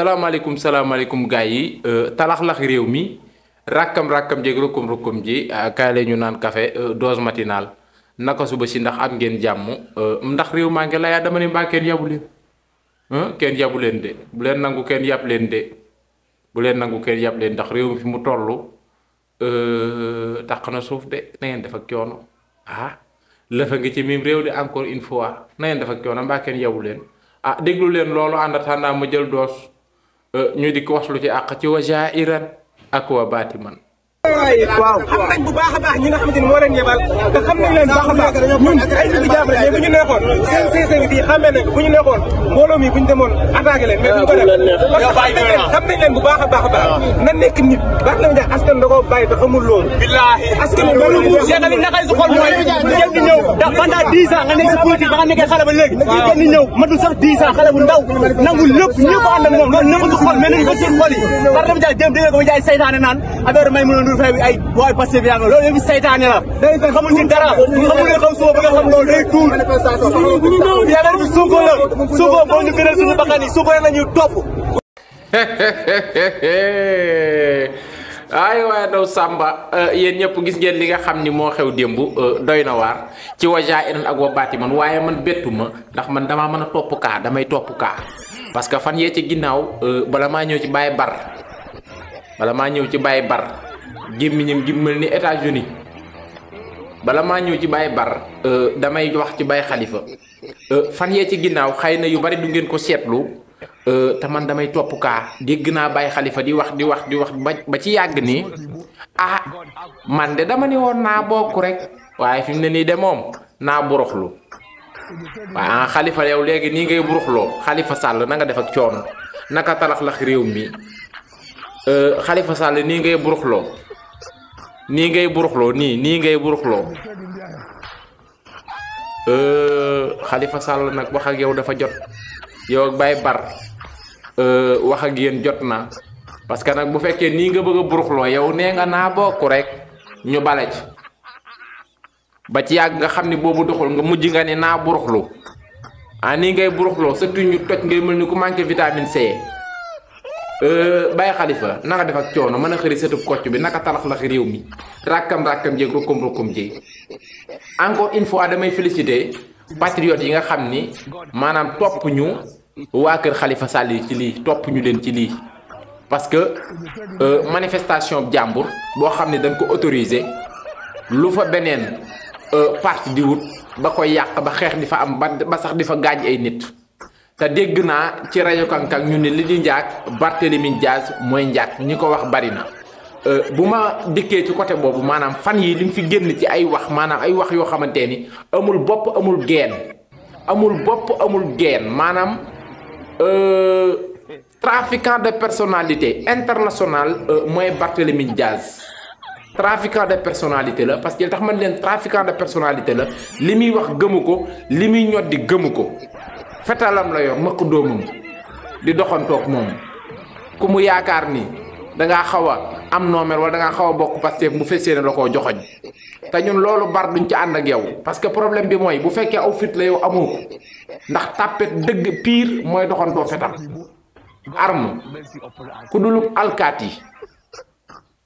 alaikum salaamaaleykum gars yi eh, talaxlax réew mi rakam rakam jéeg rukum rukum ji eh, kaay leen ñu naan café eh, dose matinale naka suba ci ndax am ngeen jàmm ndax réew maa nanggu layaa dama ni mbaa kenn yabu leen kenn yabu de bu len nangu ken yab len de bu len nangu ken yab len ndax rew fi mu tollu euh takna suuf de neen def ak ah fa ngi ci mim rew de encore une fois neen def ak coono mbaa yabu ah deglu len lolu andata na ma jël doos. Euh, ñu di ko wax lu ci àq ci wa jairan ak wa man yi waaw am nañ bu baax a baax ñi nga xamante ni moo leen baax a baax ñun ay nit di jàppale mais bu ñu neexoon seen seen bi xamee nañ bu ñu neexoon mbooloo mi bu ko def baax a baax a baax na nekk nit baax na nga askan da koo bàyyi te xamul loolu billaahi askan bi naqari su xol mooy kenn di ñëw ndax pendant dix ba nga nekkee xale ba léegi kenn di ñëw matul sax dix ans xale bu ndaw nangul lépp ñëpp ànd ak moom loolu nekkul si xol mais nañu ba seen xol yi Barthélémy Dias dem jaay saytaane naan a ay way no Samba eh, yeen ñëpp gis ngeen li nga xamni mo xew dembu eh, doyna war ci waja inan ak wa man waye man betuma ndax man dama mëna top ka damay top ka parce que fan ye ci ginnaw eh, bala ma ñew ci baye bar bala ma ñew ci baye bar gémmiñam gi mel ni États-Unis bala ma ñëw ci Baye Bar euh, damay wax ci Baye Khalifa euh, fan ye ci ginnaw xëy yu bari du ngeen ko euh ta man damay top ka deg na Baye Khalifa di wax di wax di wax ba ci yag ni ah man de dama ni won na bokku rek waye fim ne ni de moom naa buruxlu wa Khalifa yow legi ni ngay buruxloo Khalifa Sall na nga def ak cion naka talax mi Khalifa euh, Sall ni ngay nii ngay buruxloo nii nii ngay buruxloo xalifa euh, Sall nag wax yow dafa jot yow bay Bar euh, wax yéen jot na parce que nag bu fekkee nii nga bëgg a buruxloo yow nee nga naa bokk rek ñu bale ba ci yàgg nga xam ni boobu doxul nga mujj nga ni naa buruxlu ah nii ngay buruxloo sa tuñ ñu toj ngay mel ni ku manqué vitamine C. Euh, Baye Khalifa naka def ak mana mën xeri setu koccu bi naka talax la réew mi rakam rakam je rukkum rukkum je encore une fois damay féliciter patriote yi nga xamni manam top ñu wa keur Khalifa Sall ci li top ñu len ci li parce que euh, manifestation jambour bo xamni dañ ko autoriser lu fa euh parti di wut ba koy yak ba xex di fa am ba sax di fa gaaj ay nit te dégg naa ci rajo Kankan ñu ne li di njaag Barthélémy Diaz mooy njaag ñi ko wax bari na euh, bu ma dikkee ci côté boobu maanaam fan yi li mu fi génn ci ay wax maanaam ay wax yoo xamante ni amul bopp amul geen amul bopp amul geen maanaam euh, trafiquant de personnalité international euh, mooy Barthélémy Diaz trafiquant de personalité la parce que tax man leen trafiquant de personalité la li muy wax gëmu ko li muy ñoddi gëmu ko fetalam la yor mëkk doomam di doxantoog moom ku mu yaakaar ni da nga xaw a am noomel wala da nga xaw a bokk parce que bu ne la koo joxoñ te ñun loolu bar duñ ci ànd ak yow parce que problème bi mooy bu fekkee aw fit la yow amoo ko ndax tàppet dëgg pire mooy doxantoo fetal arme ku dul alkaat yi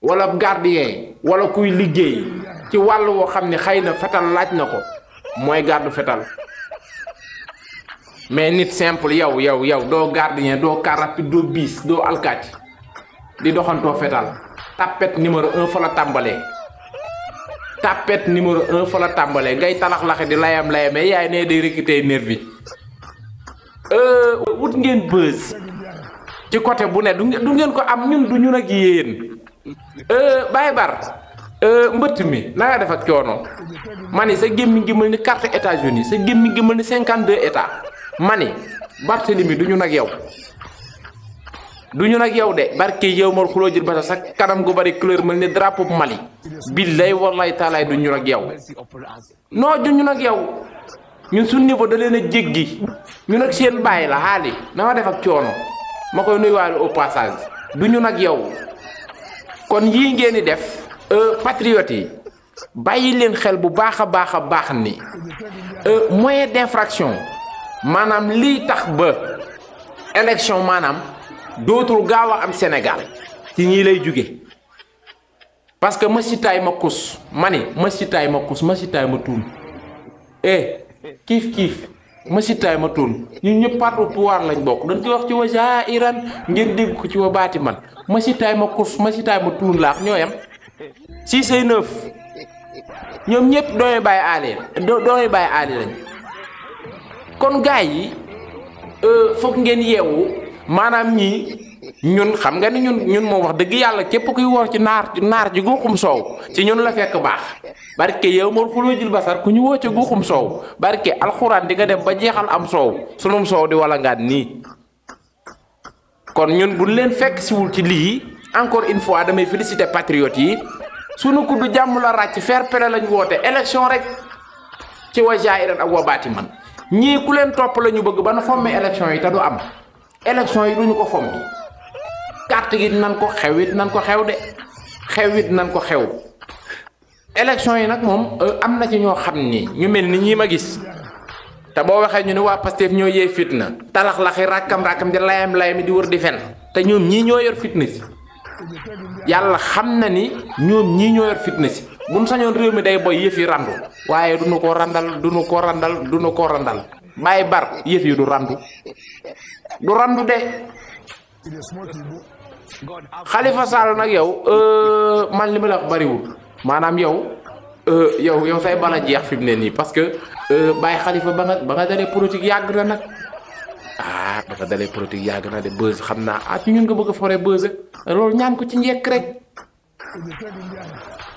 wala gardien wala kuy liggéey ci wàll woo xam fetal laaj na ko gardu fetal mais nit simple yow yow yow do gardien do carapi do bis do alkat di doxanto fetal tapet numéro 1 fa la tàmbalee tapet numéro 1 fa la tàmbalee ngay talax-laxe di layam mais yaay né day recruter nervi euh wut ngeen bës ci côté bu né du ngeen ko am ñun du ñun ak euh bay Bar euh mbeut mi na nga def ak coono ma sa gemmi ngi mel ni carte États-Unis sa gemmi ngi mel ni cinquante deux états ma ni Barthélemy du ñu nag yow du ñu nag yow de barke yow mal xuloo jël bata sa kanam gu bari couleur mel ni drapeau Mali billaay wallaay taalaay du ñu nag yow noo du ñu nag yow ñu suñ niveau da leen a jéggi ñu ak seen bàyyi la xaali na ma def ak coono ma koy nuyuwaale au passage du ñu nag yow kon yii ngeen def e, patriotes yi bàyyi leen xel bu baax a baax a baax ni e, moyen d'infraction Manam li tax ba élection manam dootul gaaw am Sénégal ci ñi lay juggé parce que ma tay ma mané ma tay ma ma eh kif kif ma tay ma tuun ñun ñëpp parti au pouvoir lañ bok dañ ci wax ci waja iran ngeen dig ko ci wa baati man ma tay ma kus ma sitaay ma tuun laax et kon gars yi euh, foog ngeen yeewu maanaam ñii ñun xam nga ni ñun ñun moom wax dëgg yàlla képp kuy wor ci naar naar ji guuxum soow ci ñun la fekk baax barke yow mar xuloo jil basar ku ñu woo ci guuxum soow barke alxuraan di nga dem ba jeexal am soow sunum soow di wala ngaan nii kon ñun buñ leen fekk siwul ci lii encore une fois damay féliciter patriotes yi sunu kuddu jàmm la ràcc fer play lañ woote élection rek ci wa jairan ak wa baati man ñii ku leen topp la ñu bëgg ba na fomme élection yi te du am élection yi duñu ko fomm carte gi nan ko xewwit it nan ko xew de xew it nan ko xew élection yi nag moom euh, am na ci ñoo xam ni ñu mel ni ñii ma gis te boo waxee ñu ne waa Pastef ñoo yee fitna talax laxi rakkam rakkam di layam layam di wër di fen te ñoom ñii ñoo yor fitna si yàlla xam na ni ñoom ñii ñoo yor fitna si. mun sañoon réew mi day boy yëf yi randu waaye du nu ko randal du nu ko randal du ko randal bàyyi bar yëf yi du randu du randu de xalifa Sall nag yow euh, man li ma la bariwul maanaam yow euh, yow yow say bala jeex fi mu ne nii parce que euh, bàyyi Khalifa ba nga ba nga dalee politique yàgg na nag ah ba nga dalee politique yàgg na de buzz xam naa ah ci ñun nga bëgg a foree buzz loolu ñaan ko ci njëkk rek.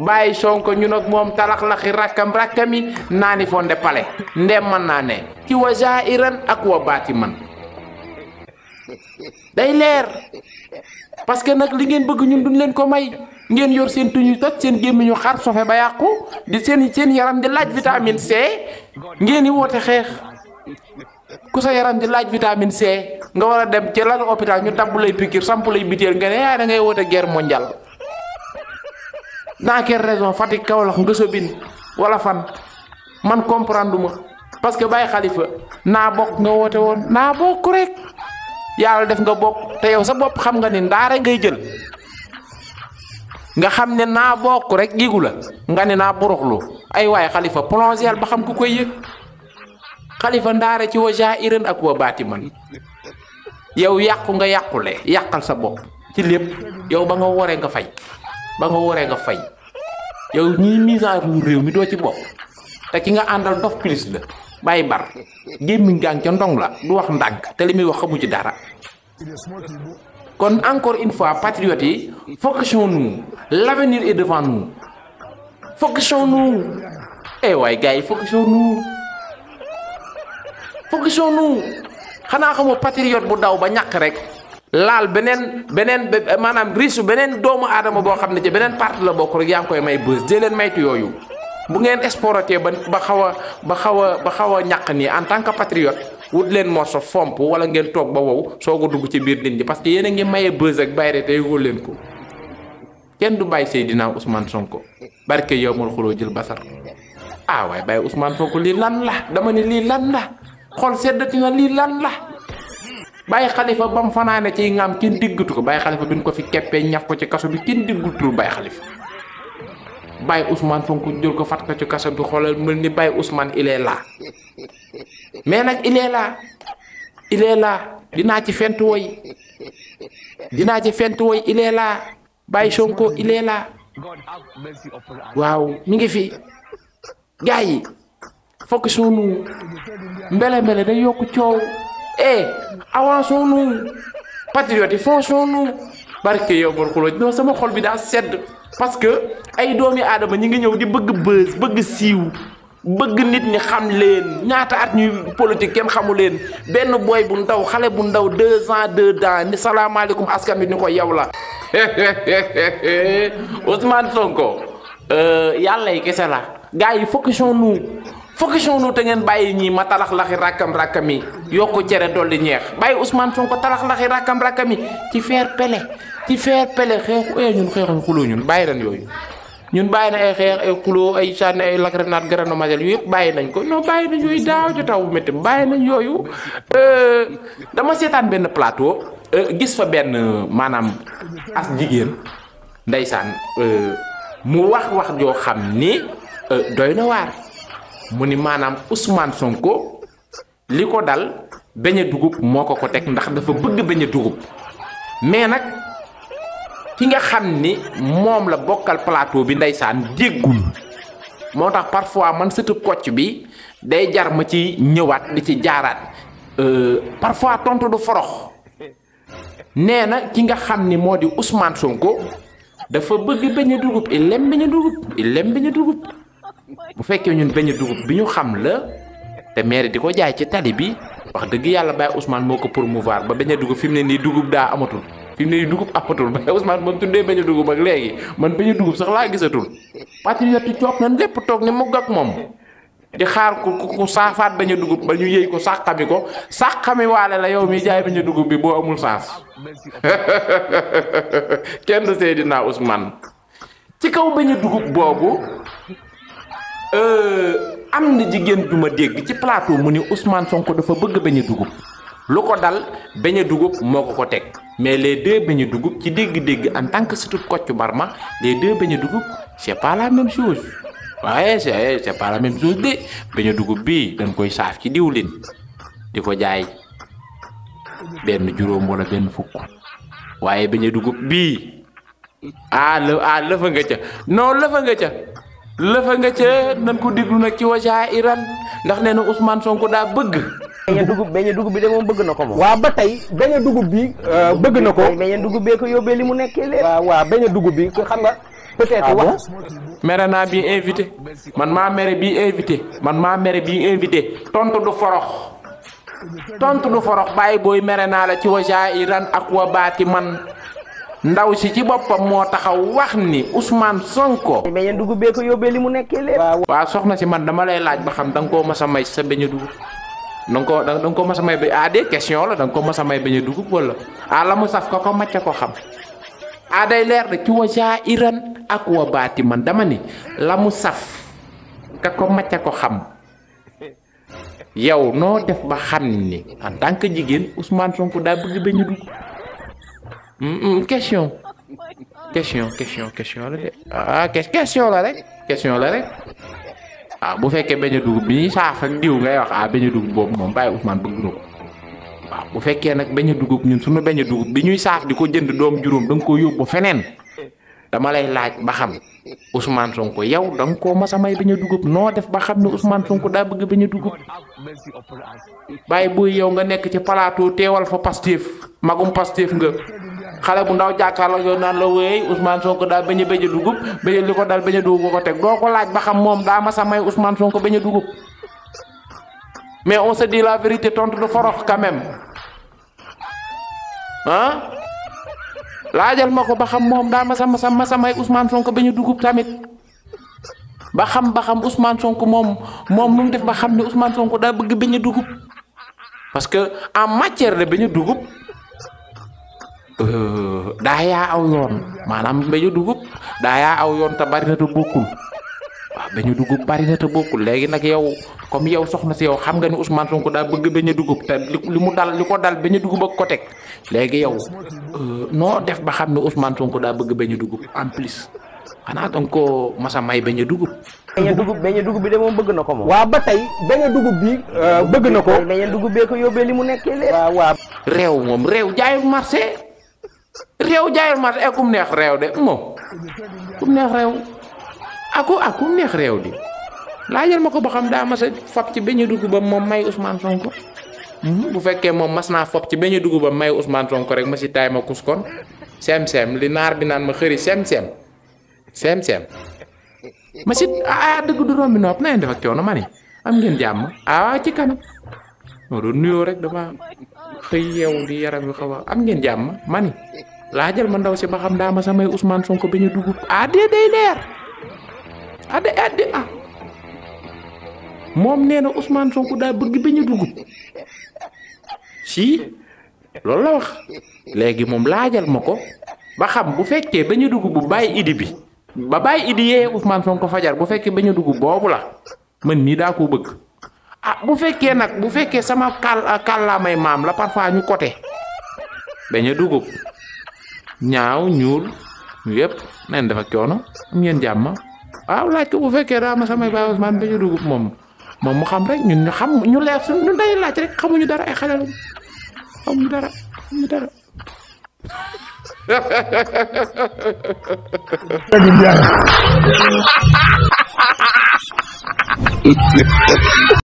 mbayi sonko ñun ak mom talax laxi rakam rakami nani fonde pale, ndem man nané ci wa ak wa batiman day leer parce que nak li ngeen bëgg ñun duñ leen ko may ngeen yor seen tuñu tat seen ñu xar sofé ba yaqku di seen seen yaram di laaj vitamine C ngeen yi wote xex ku sa yaram di laaj vitamine C nga wara dem ci lan hôpital ñu tabulay pikir sampulay bitir nga ya da ngay wote guerre mondiale dans quelle région Fatick Kaolack Ngësobin wala fan man comprendre ma parce que Baye Khalifa naa bokk nga woote woon naa bokk rek yàlla def nga bokk te yow sa bopp xam nga ni ndaare ngay jël nga xam ne naa bokk rek gigu la nga ne naa boroxlu ay waay xalifa plongeel ba xam ku koy yëg Khalifa ndaare ci wa jairan ak wa baatiman yow yàqu nga yàqule yàqal sa bopp ci lépp yow ba nga wore nga fay ba nga woree nga fay yow ñuy mise à réew mi doo ci bopp te ki nga àndal dof pilis la bàyyi bar gémmiñ gaang ca ndong la du wax ndànk te li muy wax xamu ci dara kon encore une fois patriotes yi focusons-nous l'avenir est devant nous focusons-nous eh waay gars yi focusons-nous focusons-nous xanaa xamoo patriote bu daw ba ñàkk rek Lal benen benen manam risu benen doomu adama bo xamne ci benen part la bokk rek yang koy may bës dee leen maytu yoyu bu ngeen exporté ba xawa ba xawa ba xawa ñak ni en tant que patriote wut leen morso fomp wala ngeen tok ba wow soog dugg ci bir nit ñi parce que yene ngi maye bës ak bayre tay wol len ko kenn du bàyyi sayidina Ousmane Sonko barke yow mal basar ah way bay Ousmane Sonko li lan la dama ni li lan la xol seddati na li lan la bay khalifa bam fanane ci ngam ken diggatu ko bay khalifa bin ko fi keppe ñaf ko ci kasso bi ken diggatu bay khalifa bay ousmane fonko jël ko fat ko ci kasso bi xolal melni bay ousmane il est là mais nak il est là il est là dina ci fentu way dina ci fentu way il est là bay sonko il est là waaw mi ngi fi gaay fokk sunu mbele mbele day yok ciow eh avançons-nous patriotes yi fonçons-nous barke yow Mor Khoulo non sama xol bi daa sedd parce que ay doomi adama ñi ngi ñëw di bëgg bës bëgg siiw bëgg nit ñi xam leen ñaata at ñuy politique kenn xamu leen benn booy bu ndaw xale bu ndaw deux ans deux ans salaamaaleykum askan bi ni ko yow la Ousmane Sonko euh, yàlla yi kese la gars yi focusons-nous fokusion wu te ngeen bàyyi ñi ma talax laxi rakam rakam yi ko cere doli ñeex bàyyi Ousmane fonko talax laxi rakam rakam yi ci fer pele. ci fair play xeexu eh ñun xeexuñ xuloo ñun bàyyi ran yoy ñun bàyyi na ay xex ay xuloo ay sànni ay lacrenate grano majel yëpp bàyyi nañ ko no bàyyi nañ yoy daaw ci taw metti bàyyi nañ euh dama seetaan ben plateau euh, gis fa ben manam as ndaysan euh mu wax wax jo xamni euh doy war muni manam Ousmane Sonko li dal beñe dugub moko ko tek ndax dafa bëgg beñe dugub mais nak ki nga xamni mom la bokkal plateau bi ndaysan déggul motax parfois man sëtu kocc bi day jar ma ci ñëwaat di ci jaaraat euh, parfois tonto du forox neena ki nga xamni modi di Ousmane Sonko dafa bëgg beñe dugub il lem beñe dugub il beñe dugub bu fekkee ñun beñu dugub bi ñu xam la te maire di ko jaay ci tali bi wax dëgg yàlla Baye Ousmane moo ko promouvoir ba beñu dugub fi mu ne nii dugub daa amatul fi mu ne nii dugub appatul Baye Ousmane moom tuddee beñu dugub ak léegi man beñu dugub sax laa gisatul patriote yi toog nan lépp toog ni mu ak moom di xaar ku ku saafaat bañ a dugub ba ñu yëy ko sàqami ko sàqami waale la yow mi jaay bañ a dugub bi boo amul saas kenn du Seydina Ousmane ci kaw bañ a dugub boobu Euh, am na jigéen ju ma dégg ci plateau mu ni Ousmane Sonko dafa bëgg beñe dugub lu ko dal beñe dugub moo ko ko teg mais les deux beñe dugub ci dégg-dégg en tant que surtout Kocc Barma les deux beñe dugub c'est pas la waaye c'est c'est pas la même de beñe dugub bii dañ koy saaf ci diwlin di ko jaay benn juróom walla benn fukk waaye beñe dugub bii ah la ah lëfa nga ca non lëfa nga ca. lëfa nga ca nañ ko déglu nag ci wajaa iran ndax nee na Ousmane Sonko daa bëgg. beñe dugub beñe dugub bi de moom bëgg na ko moom. waa ba tey beñe dugub bi. Euh, bëgg na ko beñe dugub bee ko yóbbee li mu nekkee léegi. waaw waaw beñe dugub bi xam nga. peut-être ah wax mere naa bii invité man maa mere bii invité man maa mere bii invité tontu du forox tontu du forox bàyyi booy mere naa la ci wajaa iran ak wa baati man. ndaw si ci boppam moo taxaw wax ni Ousmane Sonko. mais yéen dugub bee ko yóbbee li mu nekkee lépp. waaw soxna si man dama lay laaj ba xam da nga koo mas a may sa beñ a dugub da nga da nga mas a may ah question la da ko mas a may beñ a dugub wala ah la mu saf ko ko macca ko xam ah day leer de ci wa iran ak wa baati man dama ni la mu saf ka ko macca ko xam yow noo def ba xam ni en tant que jigéen Ousmane Sonko daa bëgg beñ a Mm, mm, question question question question la ah, ah, de question la rek question la rek ah bu fekkee beñ dugub bi saaf ak diw wax a dugub boobu moom bàyyi bu fekkee nag beñ dugub ñun su beñ a dugub bi ñuy saaf di ko jënd doom juróom da nga ko yóbbu feneen dama lay laaj ba xam Ousmane Sonko yow da ko koo mas dugub noo def ba xam ne Ousmane Sonko daa bëgg beñ a dugub bàyyi booy yow nga um nekk ci plateau teewal fa Pastef magum Pastef nga. xale bu ndaw jàkkaarloo yo naan la wéy Ousmane Sonko dal bañ a dugub bañ liko dal ko daal dugub ko tek doko laaj ba xam mom da ma sa may Ousmane Sonko bañ dugub mais on se dit la vérité tontu du forox quand même ah laajal mako ba xam mom da ma sa ma sa may Ousmane Sonko bañ a dugub tamit ba xam ba xam Ousmane Sonko mom mom nu def ba xam ni Ousmane Sonko da bëgg parce que en matière de daya awyon manam beñu dugub daya awyon ta bari na ta bokul beñu dugub bari na ta bokul legi nak yow comme yow soxna ci yow xam nga ni Ousmane Sonko da bëgg beñu dugub ta limu dal liko dal beñu dugub ak ko tek legi yow no def ba ni Ousmane Sonko da bëgg beñu dugub en plus xana donc ko massa may beñu dugub beñu dugub beñu dugub bi de mom bëgg nako mo wa ba tay beñu dugub bi bëgg nako beñu dugub be ko yobé limu nekké lé wa wa rew mom rew jaay marché réew jaayal mat ak kum neex réew de moom kum neex réew aku ak ah, neex réew di laajal ma ko ba xam daa mas a fab ci beñu dugg ba moom may Ousmane Sonko hmm? bu fekkee moom mas naa fab ci beñu dugg ba may Ousmane Sonko rek ma si taay ma kus kon sem-sem li naar bi naan ma xëri sem-sem sem-sem ma si ah, ah dëgg du rombi nopp na ngeen def ak coono ma am ngeen jàmm ah ci kanam moo doon nuyoo rek dama xëy yeewu di yaram yu xawa am ngeen jàmm mani jël man ndaw si ba xam dama samay Ousmane Sonko biñu ñu ade day leer ade ade ah mom neno Usman Ousmane Sonko da bëgg biñu si loolu la wax legi mom la jël mako ba xam bu fekke ba ñu bu bay idi bi ba bay idi ye Ousmane Sonko fajar bu fekke ba ñu bobu la man ni da ko bëgg ah bu fekke nak bu fekke sama kal ah, may mam la parfois ñu côté beñe dugub ñaaw ñuul yépp nañ def ak coono am ngeen jàmm waaw laaj bu fekkee daa ma sama baay Ousmane beñe dugub moom moom mu xam rek ñun ñu xam ñu leer su ñu day laaj rek xamuñu dara ay xale xamuñu dara xamuñu dara